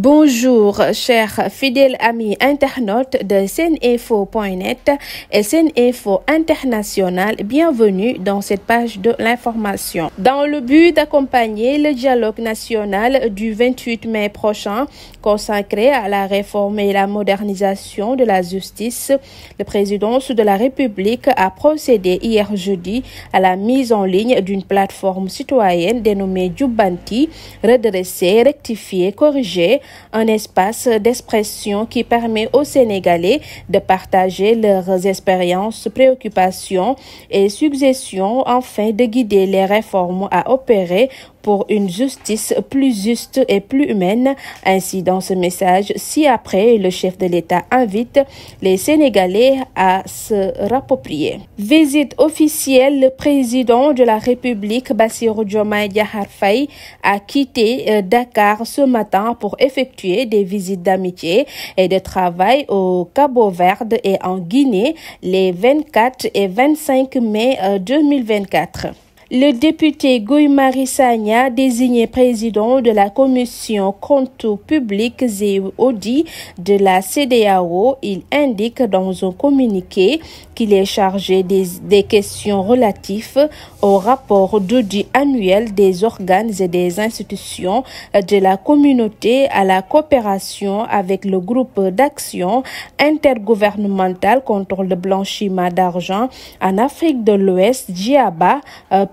Bonjour, chers fidèles amis internautes de seninfo.net et Seninfo International. Bienvenue dans cette page de l'information. Dans le but d'accompagner le dialogue national du 28 mai prochain consacré à la réforme et la modernisation de la justice, le président de la République a procédé hier jeudi à la mise en ligne d'une plateforme citoyenne dénommée Jubanti, redressée, rectifiée, corrigée un espace d'expression qui permet aux Sénégalais de partager leurs expériences, préoccupations et suggestions afin de guider les réformes à opérer pour une justice plus juste et plus humaine. Ainsi, dans ce message, si après, le chef de l'État invite les Sénégalais à se rapproprier. Visite officielle, le président de la République, Bassirou Diomaye Diakhar Faye, a quitté euh, Dakar ce matin pour effectuer des visites d'amitié et de travail au Cabo-Verde et en Guinée les 24 et 25 mai 2024. Euh, Le député Guy Marissagna, désigné président de la commission comptes publics et audits de la CDAO, il indique dans un communiqué qu'il est chargé des, des questions relatives au rapport d'audit annuel des organes et des institutions de la communauté à la coopération avec le groupe d'action intergouvernemental contre le blanchiment d'argent en Afrique de l'Ouest, GIABA,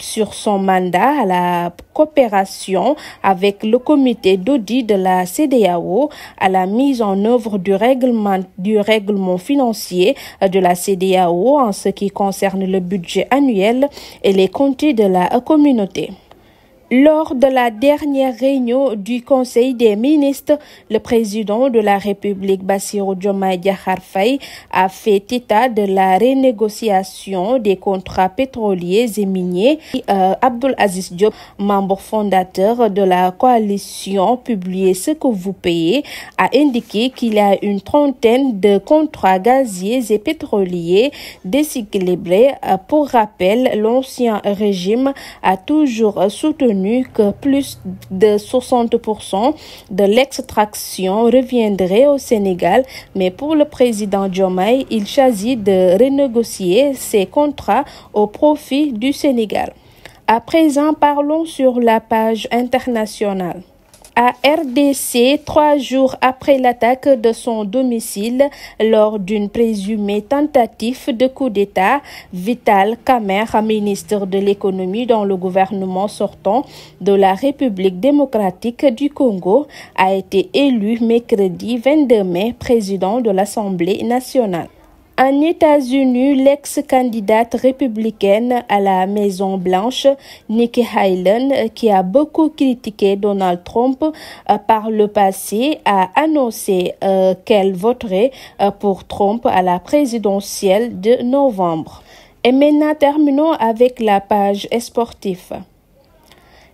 sur son mandat à la coopération avec le comité d'audit de la CEDEAO à la mise en œuvre du règlement, du financier de la CEDEAO en ce qui concerne le budget annuel et les comptes de la communauté. Lors de la dernière réunion du Conseil des ministres, le président de la République, Bassirou Diomaye Diakhar Faye, a fait état de la renégociation des contrats pétroliers et miniers. Euh, Abdoul Aziz Diop, membre fondateur de la coalition Publiez ce que vous payez, a indiqué qu'il y a une trentaine de contrats gaziers et pétroliers déséquilibrés. Euh, pour rappel, l'ancien régime a toujours soutenu retenu que plus de 60% de l'extraction reviendrait au Sénégal, mais pour le président Diomaye, il choisit de renégocier ses contrats au profit du Sénégal. À présent, parlons sur la page internationale. à RDC trois jours après l'attaque de son domicile lors d'une présumée tentative de coup d'État. Vital Kamer, ministre de l'économie dans le gouvernement sortant de la République démocratique du Congo, a été élu mercredi 22 mai président de l'Assemblée nationale. En États-Unis, l'ex-candidate républicaine à la Maison-Blanche, Nikki Haley, qui a beaucoup critiqué Donald Trump euh, par le passé, a annoncé euh, qu'elle voterait euh, pour Trump à la présidentielle de novembre. Et maintenant, terminons avec la page sportive.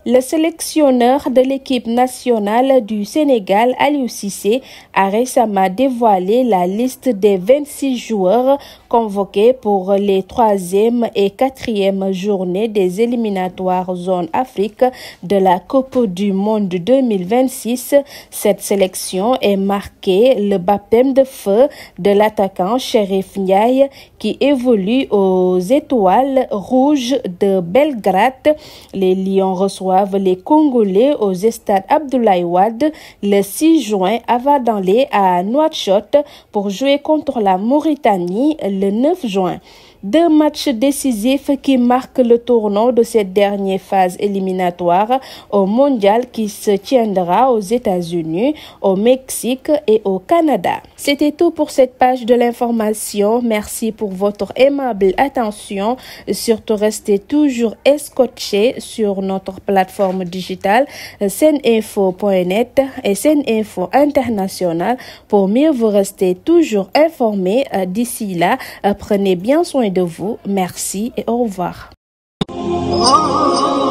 Le sélectionneur de l'équipe nationale du Sénégal, Aliou Cissé, a récemment dévoilé la liste des 26 joueurs convoqués pour les troisième et quatrième journées des éliminatoires zone Afrique de la Coupe du Monde 2026. Cette sélection est marquée le baptême de de l'attaquant Sheriff Ndiaye qui évolue aux étoiles rouges de Belgrade. Les reçoivent les Congolais au stade Abdoulaye Wade le 6 juin avant d'aller à Nouakchott pour jouer contre la Mauritanie le 9 juin. Deux matchs décisifs qui marquent le tournant de cette dernière phase éliminatoire au mondial qui se tiendra aux États-Unis, au Mexique et au Canada. C'était tout pour cette page de l'information. Merci pour votre aimable attention. Surtout restez toujours escotchés sur notre plateforme digitale seninfo.net et seninfo international pour mieux vous rester toujours informés. D'ici là, prenez bien soin de vous. Merci et au revoir. Oh, oh, oh.